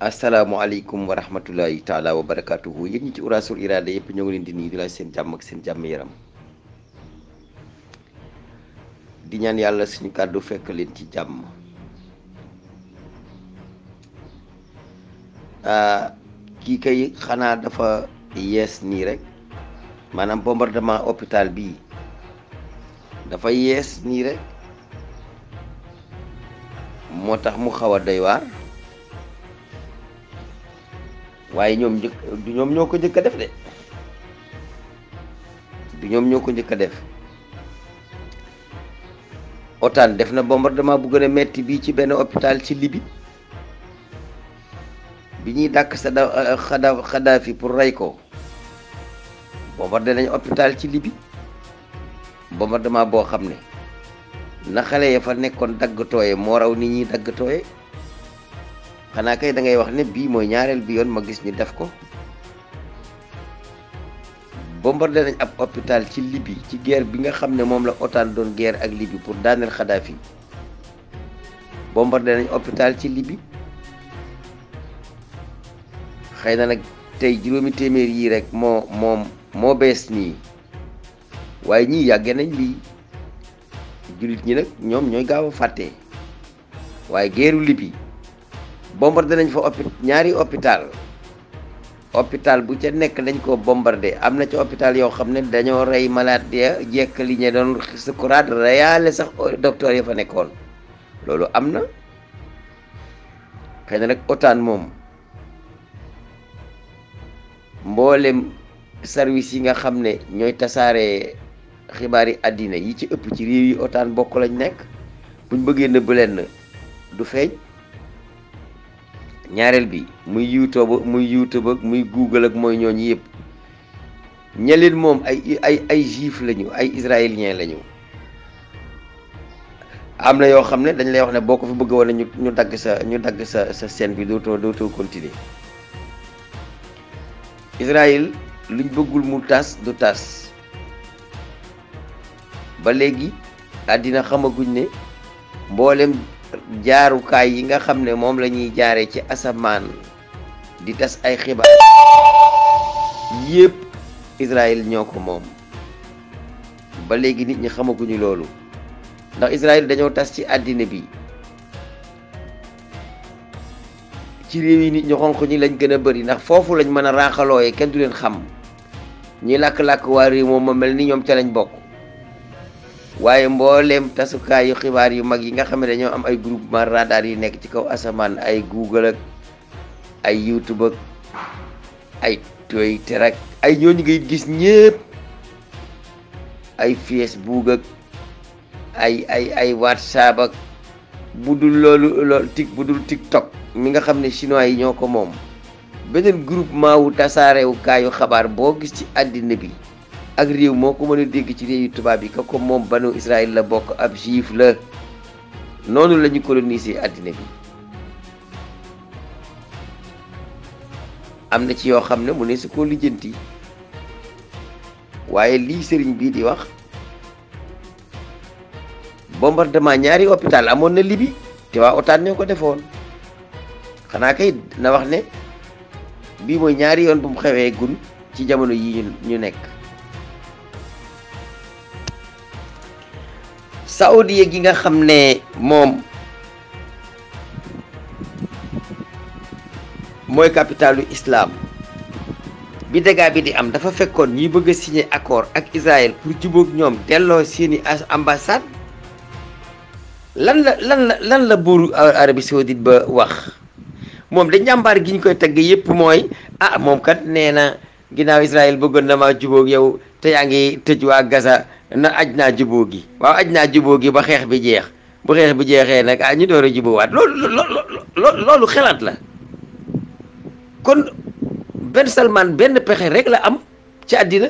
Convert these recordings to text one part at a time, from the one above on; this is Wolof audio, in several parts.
asalaamaaleykum wa rahmatullahi taala wa barakaatuhu yéen ñi ci uraasul iraada leen di nuyu di laaj seen jàmm ak seen jàmm yaram di ñaan yàlla suñu kàddu fekk leen ci jàmm ah, kii kay xanaa dafa yees nii rek maanaam bombardement hôpital bii dafa yees nii rek moo tax mu xaw a doy waaye ñoom njëkk ñoom ñoo ko njëkk def de du ñoom ñoo ko njëkk a def otaan def na bombardement bu gën a metti bii ci benn hôpital ci Libye bi ñuy dàkk Sada Xada Xadaafi pour rey ko bombardé nañ hôpital ci Libye bombardement boo xam ne na xale ya fa nekkoon dagg tooye moo raw nit ñi dagg tooye xanaa kay da ngay wax ne bii mooy ñaareel bi yoon ma gis ñu def ko bombardé nañ ab hôpital ci Libye ci guerre bi nga xam ne moom la OTAN doon guerre ak Libye pour daaneel Kadhafi bombardé nañ hôpital ci Libye xëy na nag tey juróomi téeméer yii rek moo moom moo bees nii waaye ñii yàgge nañ lii jullit ñi nag ñoom ñooy gaaw a fàtte waaye guerru libi bombardé nañ fa opi ñaari hôpital hôpital bu ca nekk dañ koo bombarde am na ci hôpital yoo xam ne dañoo rey malaat ya jekk li ñu doon sukuraat reyaale sax docteur ya fa nekkoon loolu am na xëy na nag otaan moom mbooleem service yi nga xam ne ñooy tasaare xibaari àddina yi ci ëpp ci réew yi otaan bokk lañ nekk buñ bëggee nëbb leen du feeñ ñaareel bi muy youtube muy youtube ak muy google ak mooy ñooñu yëpp ñalit moom ay ay ay juif lañu ay israélien lañu am na yoo xam ne dañ lay wax ne boo ko fi bëgg wala ñu ñu dagg sa ñu dagg sa sa scène bi dootoo dootoo continuer Israël luñ bëggul mu tas du taas ba léegi àddina xamaguñ ne mboolem kay yi nga xamne ne mom la jaare ci asaman di tas ay xibaar yépp Israël ñoko mom ba léegi nit ñi ñu lolu ndax Israël dañoo tas ci adina bi ci réew yi nit ñu xonku ñi lañ gëna a bëri ndax fofu lañ mëna a kën du leen xam ñi lak lak réew mel ni ca lañ bokku waaye mbooleem tasukaayu xibaar yu mag yi nga xam ne dañoo am ay groupement radar yu nekk ci kaw asamaan ay Google ak ay YouTube ak ay Twitter ak ay ñooñu ngay gis ñëpp ay Facebook ak ay ay ay WhatsApp ak bu dul loolu loolu tik bu mi nga xam ne chinois yi ñoo ko moom beneen groupement wu tasaarewukaayu xabaar boo gis ci àddina bi. ak réew moo ko mën dégg ci réewu tubaab yi ka ko moom banu Israël la bokk ab juif la noonu lañu ñu coloniser àddina bi am na ci yoo xam ne mu ne su ko lijjanti waaye lii sëriñ bii di wax bombardement ñaari hôpital amoon na libi te waa otaan ko defoon xanaa kay na wax ne bii mooy ñaari yoon bu mu xewee gun ci jamono yi ñu nekk saoudia gi nga xam ne moom mooy capitalu islaam bi dégaa bi di am dafa fekkoon ñuy bëgg a signé ak Israël pour jubóog ñoom delloo seeni ambassade lan la lan la lan la buuru Arabie Saoudite ba wax moom de njàmbaar gi ñu koy tagg yépp mooy ah moom kat nee na ginnaaw Israël bëggoon na maa jubóog yow te yaa ngi tëj waa Gaza na aj naa jubóo gi waaw aj naa jubóo gi ba xeex bi jeex bu xeex bi jeexee nag ah, ñu door a jubóowaat loolu xalaat la kon benn Salman benn pexe rek la am ci àddina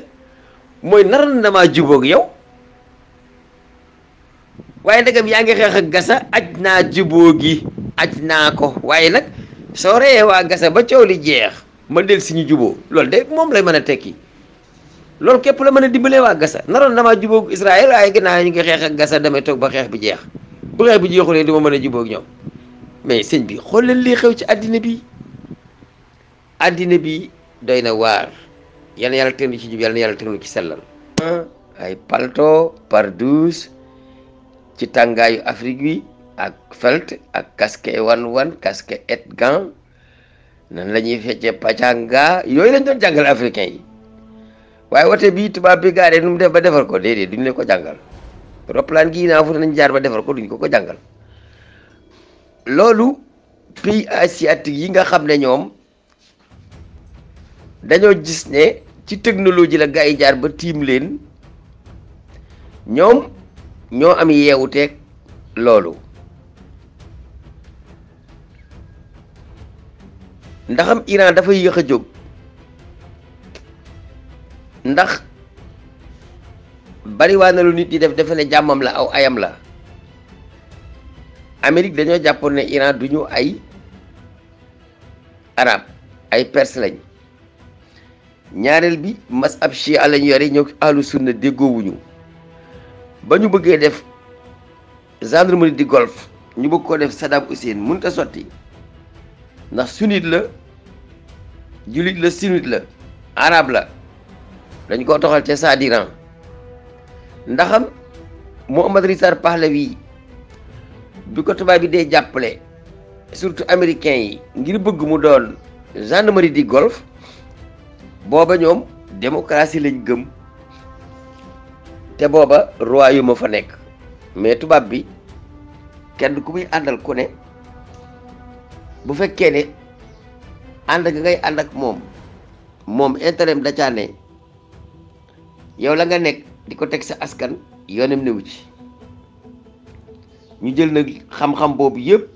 mooy na maa jubóog yow waaye ndegam yaa ngi xeex ak Gaza aj naa jubóo gi aj naa ko waaye nag soo reyee waa Gaza ba coow li jeex. ma del si ñu juboo loolu de moom lay mën a tekki loolu képp la mën a dimbalee waa Gaza naroon damaa jubóog Israël waaye ginnaaw ñu ngi xeex ak Gaza damay toog ba xeex bi jeex bu xeex bi jeexulee du ma mën a jubóog ñoom mais sëñ bi xool leen lii xew ci àddina bi àddina bi doy na waar yal na ci jub yal na yàlla teg ci sellal ay palto par douze ci tàngaayu Afrique bi ak felt ak casque wan wan casque et nan la ñuy feccee pàccanga yooyu lañ doon jàngal africain yi waaye wote bii tubaab bi gaaree nu mu def ba defar ko déedéet duñ leen ko jàngal roplaan gii naa fu nañ jaar ba defar ko ko ko jàngal loolu pays asiatique yi nga xam ne ñoom dañoo gis ne ci technologie la gaa yi jaar ba tiim leen ñoom ñoo am yeewuteeg loolu ndaxam Iran dafa yéex a jóg ndax bariwaa na lu nit di def defe ne jàmmam la aw ayam la Amérique dañoo jàppoon ne Iran du ñu ay arab ay perse lañ ñaareel bi mas ab chia lañ yore ñëw ahlu sunna déggoowuñu ba ñu bëggee def gendarmerie di golf ñu bëgg ko def Saddam Hussein mun sotti ndax sunnite la julit la sunnite la arab la dañ koo toxal ca Sadiran ndaxam Mohammad Reza Pahlavi bi ko tubaab bi dee jàppale surtout américains yi ngir bëgg mu doon gendarmerie di golf booba ñoom démocratie lañ gëm te booba royaume ma fa nekk mais tubaab bi kenn ku muy àndal ku ne bu fekke ne and ak ngay and ak mom mom intérêt da ca ne yow la nga nek diko tek sa askan yonem ne ci ñu jël nak xam-xam bobu yépp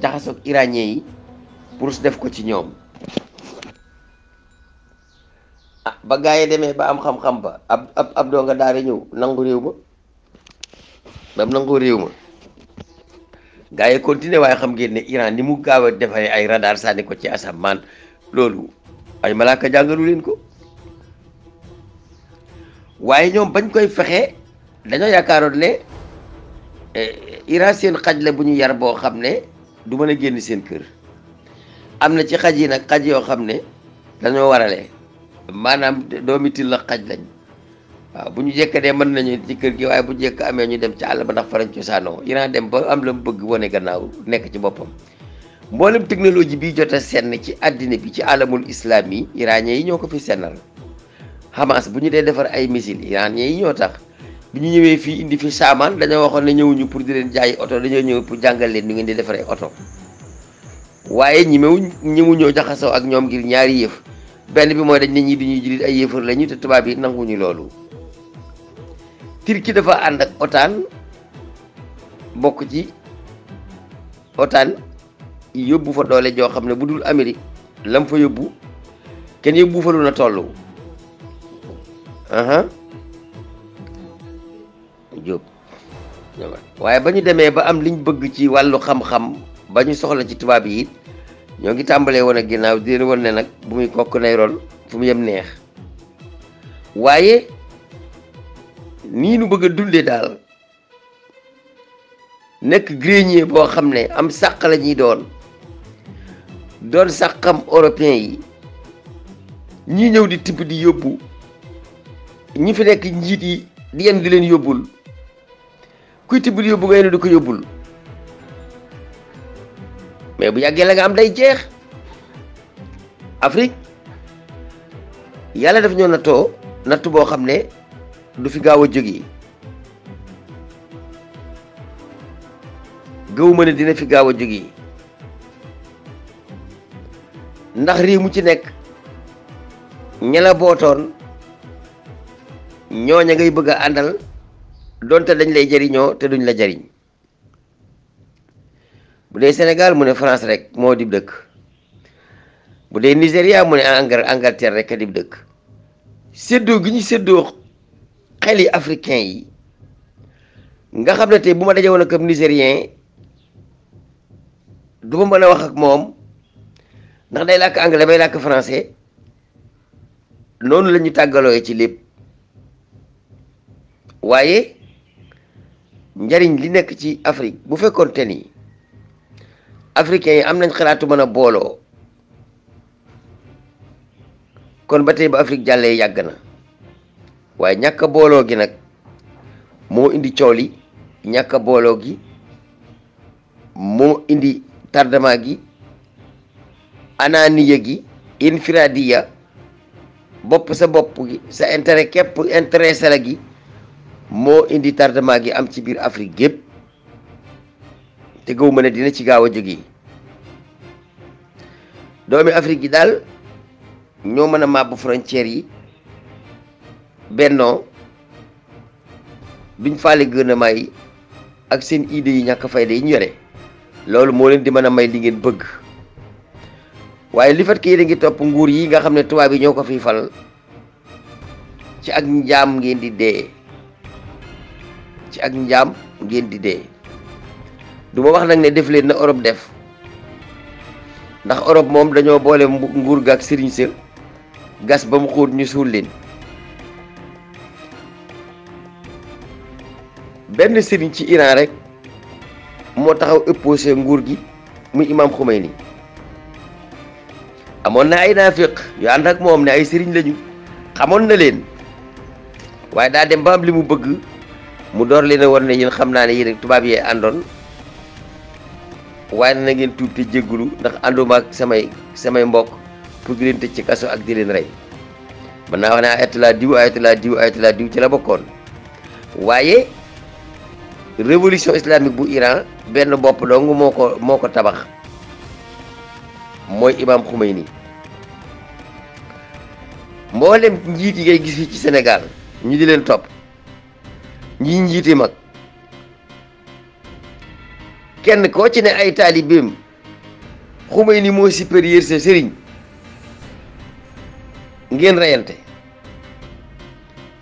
jaxasoog iranien yi pour def ko ci ñom ah ba gaay yi ba am xam-xam ba ab ab do nga daari ñew nangu réew ba bam nangu réew ma gaa yi continué waaye xam ngeen ne Iran ni mu gaaw a defaree ay radar sànni ko ci asamaan loolu ay malaaka jàngalu leen ko waaye ñoom bañ koy fexe dañoo yaakaaroon ne eh, Iran seen xaj la bu ñu yar boo xam ne du mën a génn seen kër am na ci xaj yi nag xaj yoo xam ne dañoo warale maanaam doomi til la xaj lañ waa bu ñu jekk dee mën nañu ci kër gi bu jekk amee ñu dem ci àll ba ndax farañ cosaanoo Iran dem ba am la mu bëgg wone gannaaw nekk ci boppam mboolem technologie bi jot a senn ci àddina bi ci alamul islaam yi iranien yi ñoo ko fi sennal Hamas bu ñu dee defar ay missiles iranien yi ñoo tax bu ñu ñëwee fii indi fi saamaan dañoo waxoon ne ñëwuñu pour di leen jaay oto dañoo ñëw pour jàngal leen ñu ngeen di defaree oto waaye ñimewuñ ñëwuñoo jaxasoo ak ñoom ngir ñaari yëf benn bi mooy dañ ne ñii di ñuy jullit ay yëfar lañu te tubaab yi nanguñu loolu ki dafa ànd ak OTAN bokk ci OTAN yóbbu fa doole joo xam ne bu dul Amérique lam fa yóbbu kenn yóbbu fa lu na toll. Jóob waaye ba ñu demee ba am liñ bëgg ci wàllu xam-xam ba ñu soxla ci tubaab yi ñoo ngi tàmbalee woon ak ginnaaw di leen ne nag bu muy kokk nay ron fu mu yem neex waaye. ni nu bëgg dundé dal nek grenier bo xamné am sax la ñuy doon doon saxam européen yi ñi ñëw di tipe di yobbu ñi fi nek njiit yi di yem di leen yobul, kuy tipe di yobbu ngay ne ko yobul mais bu yagge la nga am day jeex Afrique yalla daf ñoo nattoo natt boo ne du fi gaaw a yi gëwuma ne dina fi gaaw a jógee ndax réew mu ci nekk ña la bootoon ñooña ngay bëgg àndal doonte dañ lay jariñoo te duñ la jariñ bu dee senegal mu ne France rek moo dib dëkk bu dee nigeria mu ne Angleterre rek a dib dëkk séddoo gi ñu séddoo xel yi africain yi nga xam ne tey bu ma daje woon ak ab nigérien du ma mën a wax ak moom ndax day làkk anglais bay làkk français noonu la ñu tàggaloo ci lépp waaye njariñ li nekk ci Afrique bu fekkoonte ni africain yi am nañ xalaatu mën a booloo kon ba tey ba Afrique jàllee yàgg na. waye ñàkk bolo gi nak mo indi cool yi bolo gi mo indi tardement gi ananiya gi infiradiya bop sa bop gi sa intérêt kep intérêt sala gi mo indi tardement gi am ci bir Afrique gep te gaw ma dina ci gawa jogi doomi Afrique yi ñoo meuna frontière yi bennoo duñ faale a may ak seen idées yi ñàkk fay yi ñu yore loolu moo leen di mën a may li ngeen bëgg waaye li fekk yéen a ngi topp nguur yi nga xam ne tubaab yi ñoo ko fiy fal ci ak njaam ngeen di dee ci ak njaam ngeen di dee du ma wax nag ne def leen na Europe def ndax Europe moom dañoo boole nguur ak sëriñ sa gas ba mu xóot ñu suul leen benn sëriñ ci Iran rek moo taxaw opposé nguur gi muy imam ni amoon na ay naafiq yu ànd moom ne ay sëriñ lañu xamoon na leen waaye daa dem ba am li mu bëgg mu door leen won war ne yéen xam naa ne yéen tubaab yee àndoon waaye na ngeen tuub te jéggulu ndax ànduma ak samay samay mbokk pour di leen tëj ci kaso ak di leen rey mën naa wax ne ayatulaa diw ayatulaa diw ayatulaa diw ci la bokkoon waaye révolution islamique bu Iran benn bopp dong moo ko moo ko tabax mooy Imam Khomeini mboolem njiit yi ngay gis fii ci Sénégal ñu di leen topp ñi njiiti mag kenn koo ci ne ay taalibeem ni moo supérieur sa sëriñ ngeen reyante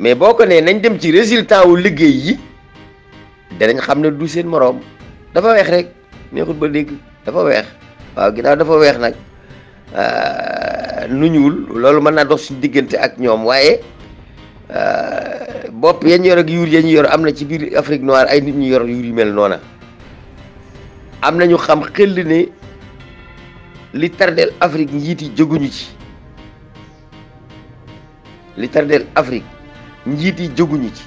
mais boo ko nee nañ dem ci résultat wu liggéey yi danañ xam ne du seen morom dafa weex rek neexul ba deg dafa weex waaw ginaaw dafa weex nag nu ñuul lolu mën dox ci digënté ak wayé euh bop yañ yor ak yuur yañ yor amna ci biir afrique noire ay nit ñu yor yuur yu mel nona amna ñu xam xel ni li tardel afrique njiti yi ci li tardel afrique njiti yi ci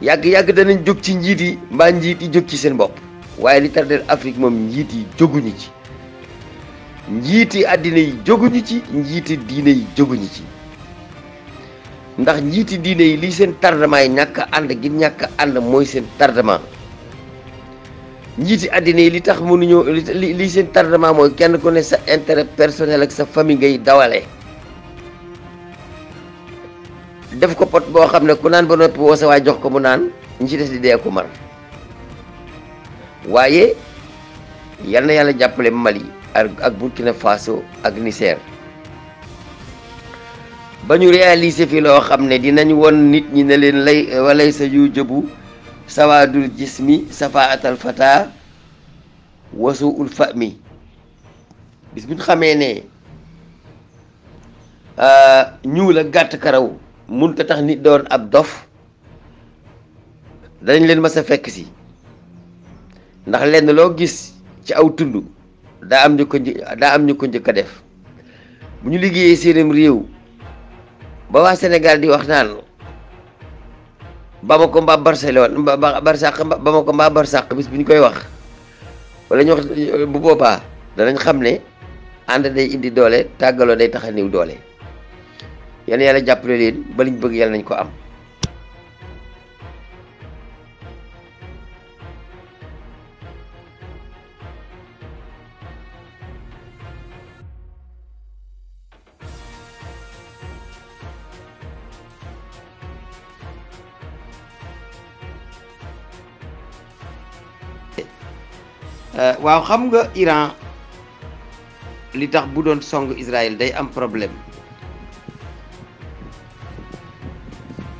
yàgg-yàgg danañ jóg ci njiit yi mbaa njiit yi jóg ci seen bopp waaye li tardeel Afrique moom njiit yi jóguñu ci njiiti àddina yi jóguñu ci njiiti diine yi jóguñu ci ndax njiiti diine yi lii seen tardement yi ñàkk ànd gi ñàkk ànd mooy seen tardement njiiti àddina yi li tax mënuñoo li lii seen tardement mooy kenn ku ne sa intérêt personnel ak sa famille ngay dawalee def ko pot boo xam ne ku naan ba noppi woo sa jox ko mu naan ñu ci des di dee ko mar waaye yal na yàlla jàppale Mali ak Burkina Faso ak Niger ba ñu réaliser fi loo xam ne dinañ woon nit ñi ne leen lay walay sa yu jëbu sawaadul jismi safaatal fata wasu ul fa mi bis bu ñu xamee ne ah, ñuul ak gàtt karaw mun ko tax nit doon ab dof nak leen mësa fekk si ndax lenn loo gis ci aw tund da am ñu ko da am ñu ko njëkk a def bu ñu liggéeyee seenam réew ba waa Sénégal di wax naan ko mbaa Barcelone mbaa Barsàq ko mbaa Barsàq bis bu ñu koy wax wala ñu wax bu boobaa danañ xam ne day indi doole tàggaloo day tax a néew doole yàlla yàlla jàpp leen ba bëgg yàlla nañ ko am euh, waaw xam nga Iran li tax bu doon song Israël day am problème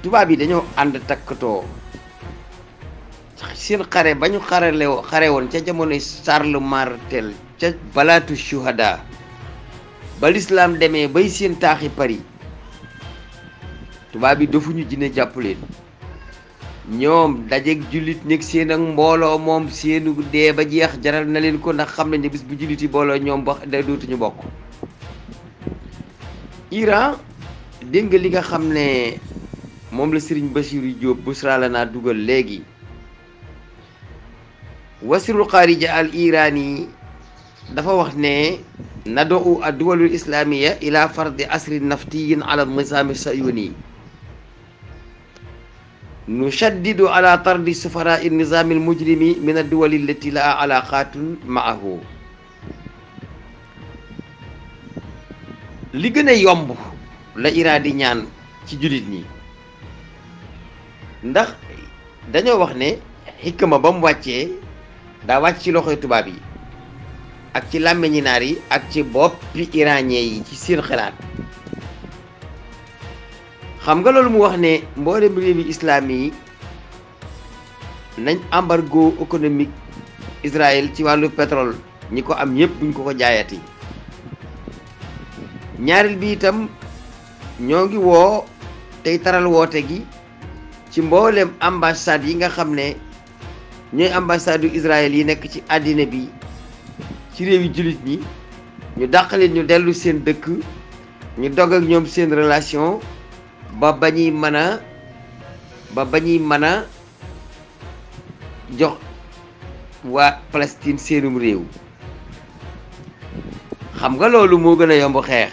tubaab bi dañoo ànd takkatoo seen xare bañu ñu xare lew xare woon ca moni Charles Martel ca balatu shuhada ba l'islam demé bay seen taaxi Paris tubaab yi defuñu jine jàpp ñom dajé julit nek seen ak mbolo moom seenu dee ba jeex jaral na leen ko ndax xam nañ bis bu juliti bolo ñom ba da dootu ñu bok Iran li nga xamné moom la Serigne Bassirou Diop busra la naa dugal léegi wasirul xaarija al iraani dafa wax ne nadou ad duwalul islaamiya ila fardi asri naftiyin ala nisaami sayuni nushaddidu ala tardi sufarai nisaami almujrimi min adduwali allati laa maahu li gën a yomb la Iran ñaan ci jullit ñi ndax dañoo wax ne xikma ba mu wàccee daa wàcc ci loxo tubaab yi ak ci làmmiñi naar yi ak ci boppi iranien yi ci seen xanaat xam nga loolu mu wax ne mboolem réewi islaam yi nañ embargo économique Israël ci wàllu pétrole ñi ko am ñëpp buñ ko ko jaayati ñaareel bi itam ñoo ngi woo tey taral woote gi ci mboolem ambasad yi nga xam ne ñooy ambassade yu Israël yi nekk ci àddina bi ci réewi jullit ñi ñu dàqaleen ñu dellu seen dëkk ñu dog ak ñoom seen relation ba mën a ba bañuy mën a jox waa Palestine seenum réew xam nga loolu moo gën a yomb xeex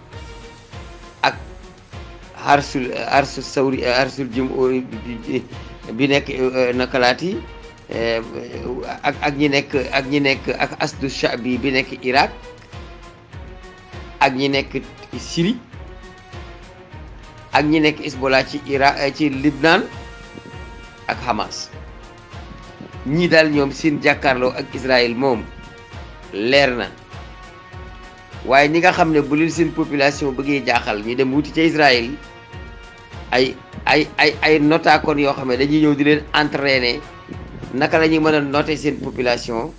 arsul arsul sawri arsul jumhuri bi nekk eh, nakalaati eh, ak ak ñi nekk ak ñi asdu shaabi bi nekk Irak ak ñi nekk Syrie ak ñi nekk Hezbollah ci Irak eh, ci Libnan ak Hamas ñii daal ñoom seen jàkkaarloo ak Israël moom leer na waaye ñi nga xam ne bu leen seen population bëggee jaaxal ñu dem wuti ca Israël ay ay ay ay notaakoon yoo xam ne dañuy ñëw di leen entraîner naka la ñuy mën a noter seen population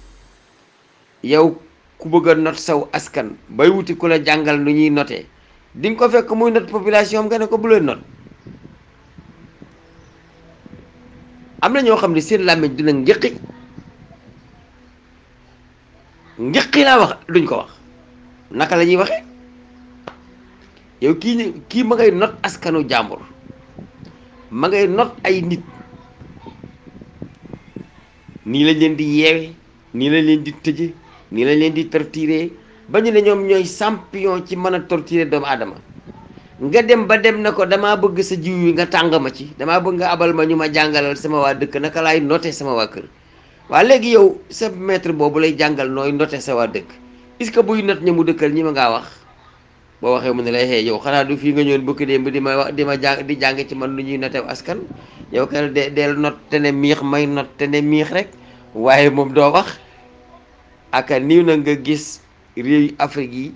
yow ku bëgg not saw askan bay wuti ku la jàngal nu ñuy noter di nga ko fekk muy not population am nga ko bu leen am na ñoo xam ne seen làmmiñ dina njëqi njëqi laa wax duñ ko wax naka la ñuy waxee yow kii kii ma ngay not askanu jàmbur ma ngay not ay nit nii lañ leen di yeewe nii lañ leen di tëje nii lañ leen di torturé ba ñu ne ñoom ñooy champion ci man a torturé doomu aadama nga dem ba dem na ko damaa bëgg sa jiw yi nga tàng ma ci damaa bëgg nga abal ma ñu ma jàngalal sama waa dëkk naka laay noté sama waa kër waa léegi yow sa maître boobu lay jàngal nooy noté sa waa dëkk est-ce que buy not ña mu dëkkal ñi ma ngaa wax boo waxee mu ne lay xëy eh, yow xanaa du fi nga ñëwoon bukki démb di ma di ma jàng di jàng ci man lu ñuy notew askan yow kenn de del not te ne miix may not te ne miix rek waaye moom doo wax aka niiw na nga gis réew Afrique yi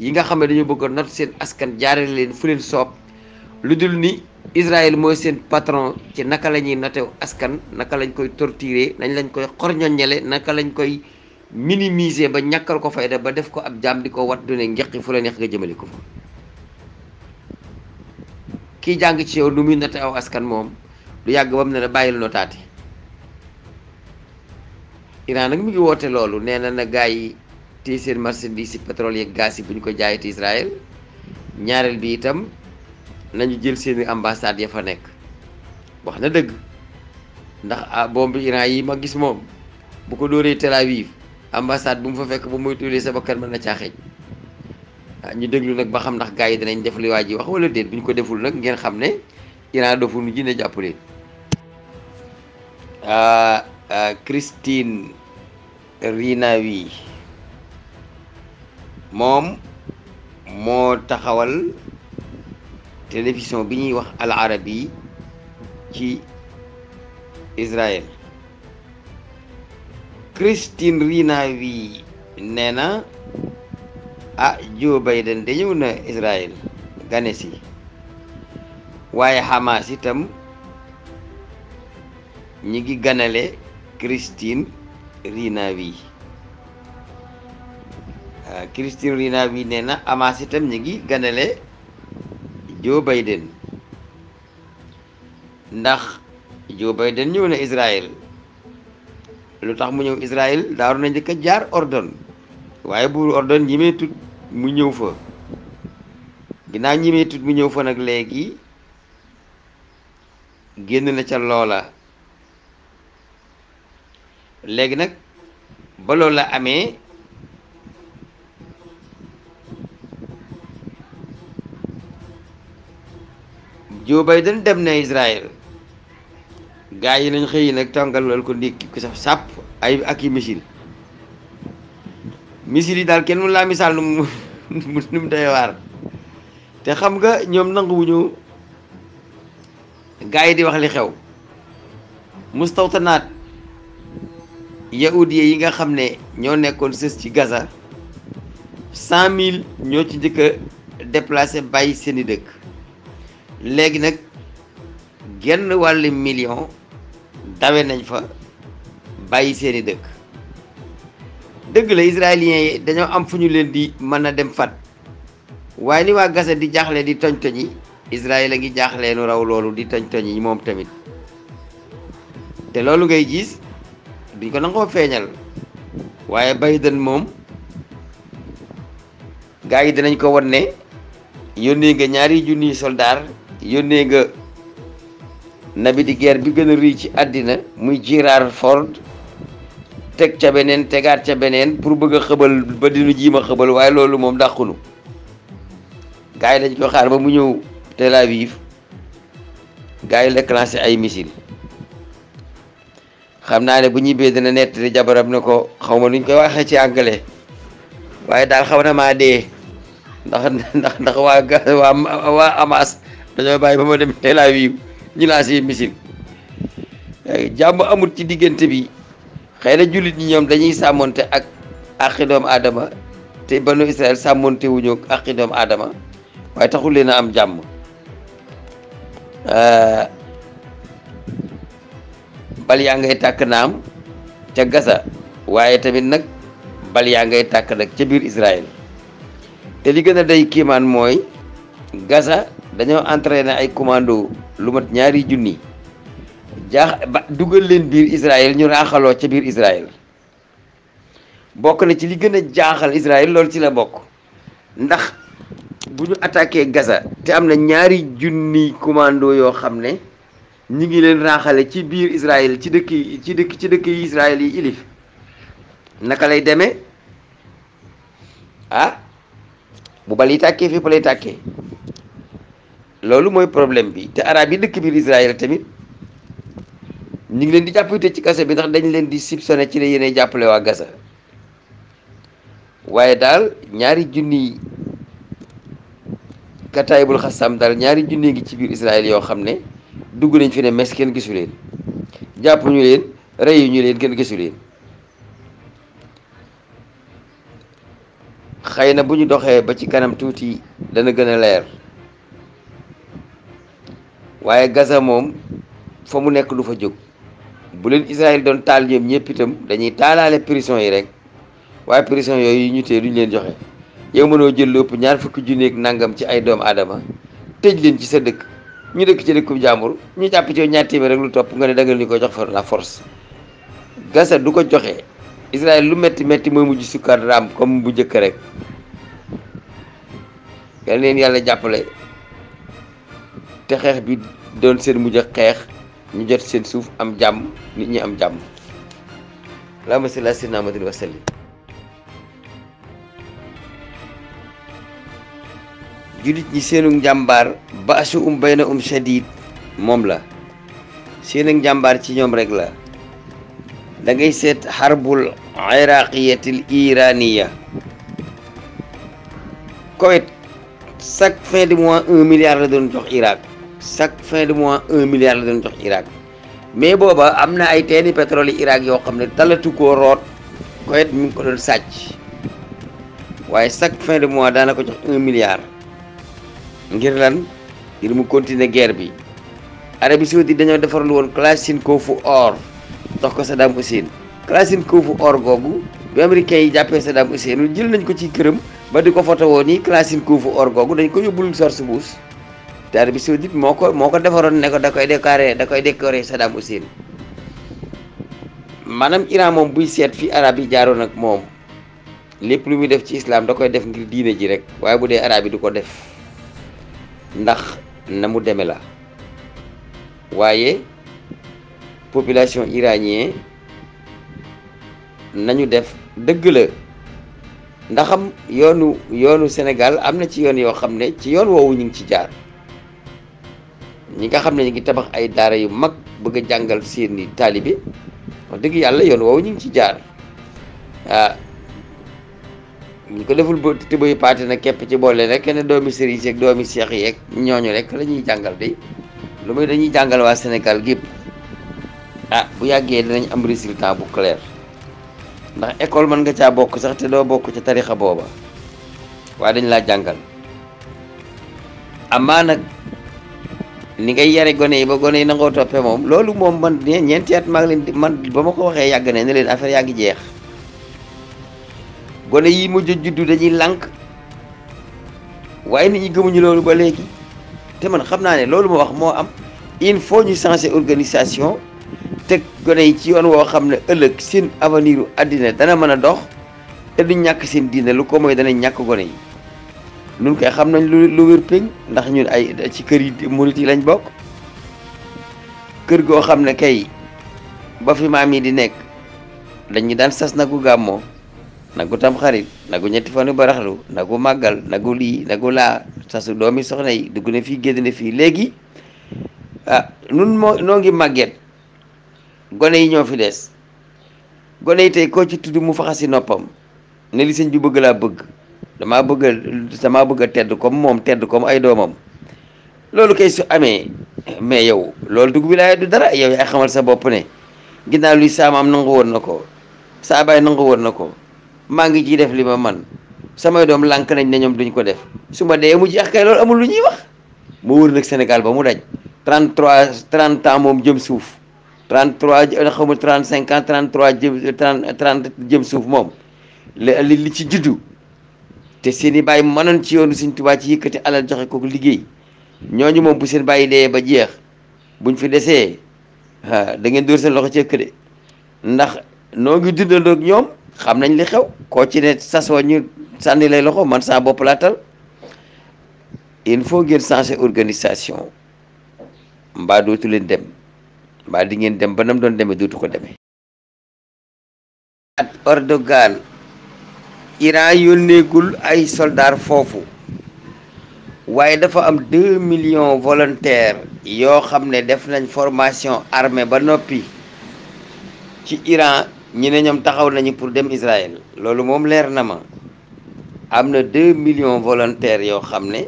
yi nga xam ne dañoo bëgg a not seen askan jaarale leen fu leen soob lu dul ni Israël mooy seen patron ci naka la ñuy notew askan naka lañ koy torturer nañ lañ koy xorñoññele naka lañ koy minimiser ba ñàkkal ko fayda ba def ko ab jaam di ko wat du ne ngeqi fu la neex nga jëmale ko fa kii jàng ci yow nu muy noté aw askan moom du yàgg ba mu ne la bàyyil notaati Iran nag mu ngi woote loolu nee na na gars yi téye seen marchandise si pétrole yeeg gaz yi bu ñu ko jaayati Israël ñaareel bi itam nañu jël seeni ambassade ya fa nekk wax na dëgg ndax ah bombe Iran yi ma gis moom bu ko dóoree Tel Aviv ambassade bu mu fa fekk bu muy tuulee sa bakkan mën a caaxeeñ ah, ñu déglu nag ba xam ndax gars yi danañ def li waa ji wax wala déet bu ñu ko deful nag ngeen xam ne Iran dofu nu ji ne jàpp leen ah, ah, Christine Rinawi moom moo taxawal télévision bi ñuy wax Al Arabi ci Israël Christine Rinawi nee na ah Joe Biden de ñëw na Israël gane waaye Hamas itam ñi ngi ganale riina Rinawi ah Christine Rinawi nee na Hamas itam ñi ngi ganale Joe ndax Joe Biden ñëw na Israël. lu tax mu ñëw Israël daaru na njëkk a jaar Ordon waaye buur Ordon ñimee tut mu ñëw fa ginnaaw ñimee tut mu ñëw fa nag léegi génn na ca loola léegi nag ba loola amee Joe Biden dem na Israël gaa yi lañ xëy nag tàngal loolu ko ndékki ku saf sàpp ay ak yi missile missile yi daal kenn mu laa misaal nu mu nu mu doy waar te xam nga ñoom nanguwuñu gaa yi di wax li xew mustawtanaat yahudiye yi nga xam ne ñoo nekkoon sës ci Gaza cent mille ñoo ci njëkk a déplacé bàyyi seeni dëkk léegi nag genn wàll million tawe nañ fa bàyyi seeni dëkk dëgg la israéliens yi dañoo am fu ñu leen di mën a dem fat waaye ni waa Gaza di jaaxle di toñ toñi Israël a ngi jaaxlee raw loolu di toñ toñi moom tamit te loolu ngay gis duñ ko nangoo feeñal waaye Biden moom gaa yi dinañ ko wan ne yónnee nga ñaari junniy soldaar yónnee nga nabi di guerre bi gën a rëy ci àddina muy Gerald Ford teg ca beneen tegaat ca beneen pour bëgg a xëbal ba dinu jiima xëbal waaye loolu moom dàqunu gars yi dañ ko xaar ba mu ñëw Tel Aviv gars yi la classé ay missile xam naa ne bu ñibbee dina nettali jabaram ne ko xaw ma nuñ koy waxee ci anglais waaye daal xaw na maa dee ndax ndax ndax waa waa waa Hamas dañoo bàyyi ba ma dem Tel Aviv ñu lancé missile jàmm amul ci diggante bi xëy na jullit ñi ñoom dañuy sàmmoonte ak àqi doomu aadama te banu Israël sàmmonte wuñu ak aadama waaye taxul leen a am jàmm bal yaa ngay tàkk naam ca Gaza waaye tamit nag bal ngay tàkk nag ca biir Israël te li gën a day kiimaan mooy Gaza dañoo na ay commando lu mat ñaari junni jaax ba dugal leen biir Israël ñu raaxaloo ca biir Israël bokk na ci li gën a jaaxal Israël lool ci la bokk ndax bu ñu attaqué Gaza te am na ñaari junni commando yoo xam ne ñu ngi leen raaxale ci biir Israël ci dëkk yi ci dëkk ci dëkk yi Israël yi ilif naka lay deme ah bu bal yi tàkkee fépp lay tàkkee loolu mooy problème bi te arab yi dëkk biir Israël tamit ñu ngi leen di jàppale ci kaso bi ndax dañ leen di soupçonné ci la yéenay jàppale waa Gaza waaye daal ñaari junni kataayibul xasam daal ñaari junni ngi ci biir Israël yoo xam ne dugg nañ fi ne mes kenn gisu leen jàpp ñu leen reyu ñu leen kenn gisu leen xëy na bu ñu doxee ba ci kanam tuuti dana gën a leer. waaye Gaza moom fa mu nekk du fa jóg bu leen Israël doon taal ñoom ñëpp itam dañuy taalaale prison yi rek waaye prison yooyu ñu tee duñ leen joxe yow mënoo jël lépp ñaar fukki junneeg nangam ci ay doomu aadama tëj leen ci sa dëkk ñu dëkk ci dëkkum jàmbur ñu jàpp ci ñaar téeméer rek lu topp nga ne dangal ñu koy jox fa la force Gaza du ko joxe Israël lu metti metti mooy mujj sukkandaam comme bu njëkk rek yal leen yàlla jàppale. te xeex bi xeex ñu jot seen suuf am jàmm nit ñi am jàmm laa ma sala sidna um bayna um shadid moom la seenu njàmbaar ci ñoom rek la dangay seet xarbul iraqiyatil iraniya Koweït milliard la doon jox Irak chaque fin de mois 1 milliard la doon Irak mais boba amna ay téni pétrole Irak yo xamné dalatu talatu rot ko koyet mi ko doon sacc waye chaque fin de mois daana ko jox 1 milliard ngir lan ngir mu continuer guerre bi Arabie Saoudite fu or jox ko Saddam Hussein Kalachnikov fu or gogou bi Américain yi jàppee Saddam Hussein jël nañ ko ci kërëm ba diko foto woon fu or gogou dañ ko yobul Source te Arabie Saoudite moo ko moo ko defaroon ne ko da koy décorer da koy décorer Saddam Hussein maanaam Iran moom buy seet fii arab yi jaaroon ak moom lépp lu muy def ci islaam da koy def ngir diine ji rek waaye bu dee arab yi du ko def ndax na mu deme la waaye population iranien nañu def dëgg la ndaxam yoonu yoonu Sénégal am na ci yoon yoo xam ne ci yoon woowu ñu ngi ci jaar ñi nga xam ne ñu ngi tabax ay daara yu mag bëgg a jàngal seeni taalibe wax dëgg yàlla yoon woowu ñu ngi ci jaar ah ñu ko deful ba tibay paati na képp ci boole rek ne doomi sëriñ seeg doomi seex yeeg ñooñu rek la ñuy jàngal de lu muy dañuy jàngal waa Sénégal gépp ah bu yàggee dinañ am résultat bu clair ndax école mën nga caa bokk sax te doo bokk ca tarixa booba waaye dañ laa jàngal amaa nag ni ngay yare gone yi ba gone yi nangoo toppee moom loolu moom man ñeenti at maa ngi leen man ba ma ko waxee yàgg ne ne leen affaire yaa ngi jeex gone yi mujj juddu dañuy lànk waaye nit ñi gëmuñu loolu ba léegi te man xam naa ne loolu ma wax moo am il faut ñu changer organisation teg gone yi ci yoon woo xam ne ëllëg seen avenir u àddina dana mën a dox te du ñàkk seen diine lu ko mooy dana ñàkk gone yi ñun koy xam nañ lu lu wér ndax ñu ay ci kër yi murit yi lañ bokk kër goo xam ne kay ba fi maam yi di nekk dañu daan sas nagu gàmmoo nagu tam xarit nagu ñetti fanu baraxlu nagu màggal nagu lii nagu laa sasu doomi soxna yi dugg na fii génn fii léegi ah nun moo noo ngi màgget gone yi ñoo fi des gone yi tey koo ci tudd mu faxasi noppam ne li bi bëgg laa bëgg damaa bëgg a damaa bëgg a tedd koom moom tedd koom ay doomam loolu kay su amee mais yow loolu dugg bi laay du dara yow yaa xamal sa bopp ne ginnaaw luy saamaam nangu woon na ko saa baay nangu woon na ko maa ngi ciy def li ma man samay doom lank nañ ne ñoom duñ ko def su ma dee mu jeex kay loolu amul lu ñuy wax moo wër nag Sénégal ba mu daj 33 30 ans moom jëm suuf 33 xaw ma 35 ans 33 jëm 30 jëm suuf moom li li ci juddu. te seen i bàyyi mënoon ci yoonu Sëñ Tuubaa ci yëkkati alal joxe kooku liggéey ñooñu moom bu seen bàyyi dee ba jeex buñ fi desee da ngeen dóor seen loxo ci ëkk de ndax noo ngi dundandoo ak ñoom xam nañ li xew koo ci ne sasoo ñu sànni lay loxo man saa bopp laa tal il faut ngeen changer organisation mbaa dootu leen dem mbaa di ngeen dem ba nam doon demee dootu ko demee. at ordogal l'Iran y a des soldats fofu. Il y a 2 millions de volontaires qui ont fait une formation armée Dans l'Iran, ils ont fait pour aller Israël. C'est ce que je veux 2 millions de volontaires qui ont fait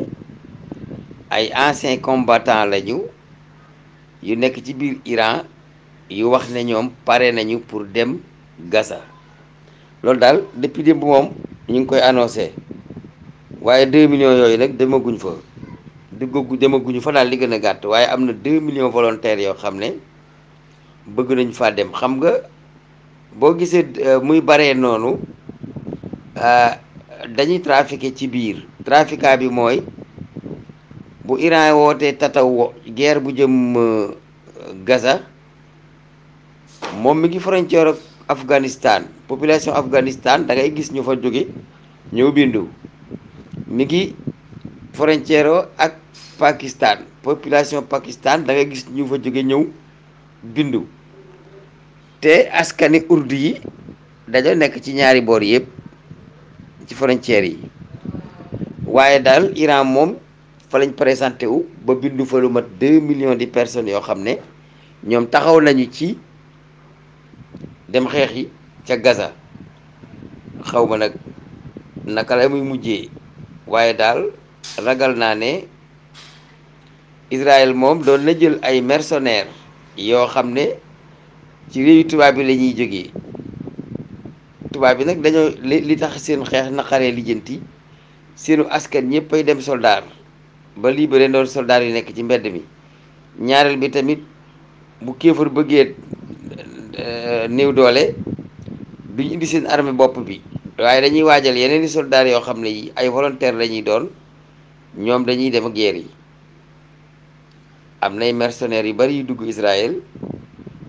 des anciens combattants qui ont fait l'Iran combattants qui ont fait pour aller à Gaza. loolu daal depuis bu moom ñu ngi koy annoncé waaye 2 millions yooyu nag demaguñ fa duggagu demaguñu fa daal li gën a gàtt waaye am na 2 millions volontaires yoo xam ne bëgg nañ fa dem xam nga boo gisee euh, muy baree noonu euh, dañuy trafike ci biir trafiquant bi mooy bu Iran wootee tataw guerre bu jëm euh, Gaza moom mi ngi frontière ak Afghanistan population Afghanistan da ngay gis ñu fa jóge ñëw bindu mi ngi frontière ak Pakistan population Pakistan da gis ñu fa jóge ñëw bindu te askani urdu yi dañoo nekk ci ñaari boor yëpp ci frontière yi waaye daal Iran moom fa lañ présenté wu ba bindu fa lu mat deux millions de personnes yoo xam ne ñoom taxaw nañu ci dem xeex yi ca Gaza xaw ma nag naka la muy mujjee waaye daal ragal naa ne Israël moom doon la jël ay mercenaires yoo xam ne ci réewu tubaab bi la ñuy tubaab bi nag dañoo li tax seen xeex naqaree lijjanti seenu askan ñëpp ay dem soldaar ba libéré doon soldaar yu nekk ci mbedd mi ñaareel bi tamit bu kéefar bëggee néew doole duñ indi seen armée bopp bi waaye dañuy waajal yeneen i soldats yoo xam ne yi ay volontaire lañuy doon ñoom dañuy dem ak guerre yi am nay mercenaires yu bari yu dugg Israël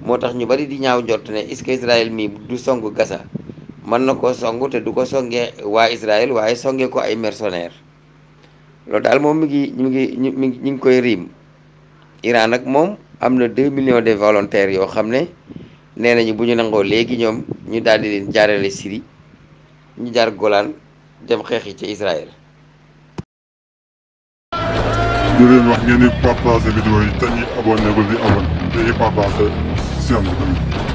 moo tax ñu bari di ñaaw njort ne est-ce mii du songu Gaza mën na ko songu te du ko songee waa Israël waaye songee ko ay mercenaires loolu daal moom mi ngi mi ngi ñu ngi koy riim Iran nag moom am na de million de volontaires yoo xam ne nee nañu bu ñu nangoo léegi ñoom ñu daal di leen jaarale siri ñu jaar Golan dem xeex yi ca Israël.